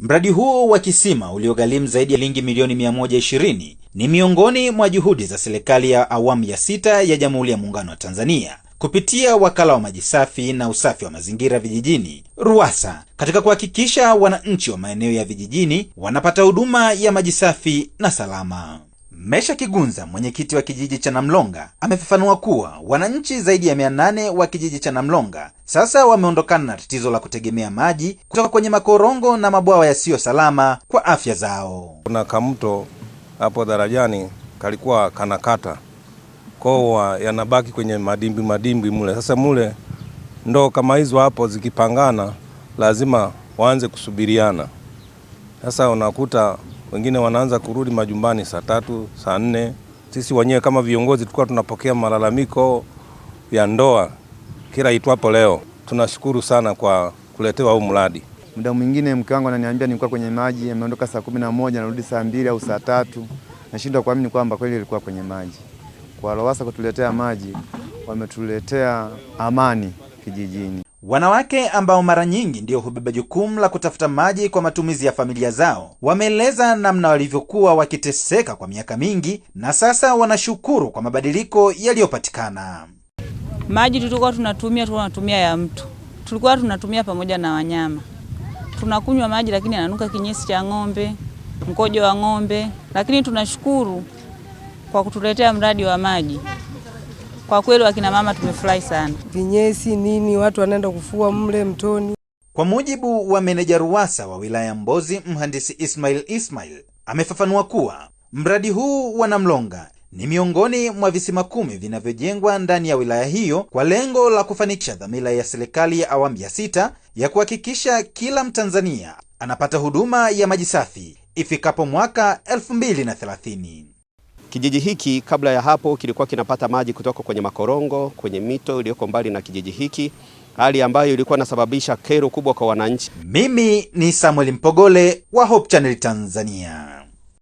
Mradi huo wa kisima uliogharimu zaidi ya lingi milioni 120 ni miongoni mwa juhudi za serikali ya awamu ya sita ya Jamhuri ya Muungano wa Tanzania kupitia Wakala wa Maji Safi na Usafi wa Mazingira Vijijini RUWASA katika kuhakikisha wananchi wa maeneo ya vijijini wanapata huduma ya maji safi na salama. Mesha Kigunza, mwenyekiti wa kijiji cha Namlonga, amefafanua kuwa wananchi zaidi ya mia nane wa kijiji cha Namlonga sasa wameondokana na tatizo la kutegemea maji kutoka kwenye makorongo na mabwawa yasiyo salama kwa afya zao. Kuna kamto hapo darajani kalikuwa kanakata koa yanabaki kwenye madimbi madimbi mule. Sasa mule ndo kama hizo hapo zikipangana, lazima waanze kusubiriana. Sasa unakuta wengine wanaanza kurudi majumbani saa tatu, saa nne. Sisi wenyewe kama viongozi tulikuwa tunapokea malalamiko ya ndoa kila itwapo leo. Tunashukuru sana kwa kuletewa huu mradi. Muda mwingine mke wangu ananiambia nilikuwa kwenye maji, ameondoka saa kumi na moja narudi saa mbili au saa tatu. Nashindwa kuamini kwamba kweli ilikuwa kwenye maji. Kwa Lowassa kutuletea maji, wametuletea amani kijijini. Wanawake ambao mara nyingi ndio hubeba jukumu la kutafuta maji kwa matumizi ya familia zao wameeleza namna walivyokuwa wakiteseka kwa miaka mingi na sasa wanashukuru kwa mabadiliko yaliyopatikana. Maji tulikuwa tunatumia, tu tunatumia ya mtu, tulikuwa tunatumia pamoja na wanyama, tunakunywa maji lakini ananuka kinyesi cha ng'ombe, mkojo wa ng'ombe, lakini tunashukuru kwa kutuletea mradi wa maji. Kwa kweli wakina mama tumefurahi sana. Vinyesi nini, watu wanaenda kufua mle mtoni. Kwa mujibu wa meneja RUWASA wa wilaya Mbozi, mhandisi Ismail Ismail amefafanua kuwa mradi huu wa Namlonga ni miongoni mwa visima kumi vinavyojengwa ndani ya wilaya hiyo kwa lengo la kufanikisha dhamira ya serikali ya awamu ya sita ya kuhakikisha kila Mtanzania anapata huduma ya maji safi ifikapo mwaka 2030. Kijiji hiki kabla ya hapo kilikuwa kinapata maji kutoka kwenye makorongo, kwenye mito iliyoko mbali na kijiji hiki, hali ambayo ilikuwa inasababisha kero kubwa kwa wananchi. Mimi ni Samuel Mpogole wa Hope Channel Tanzania.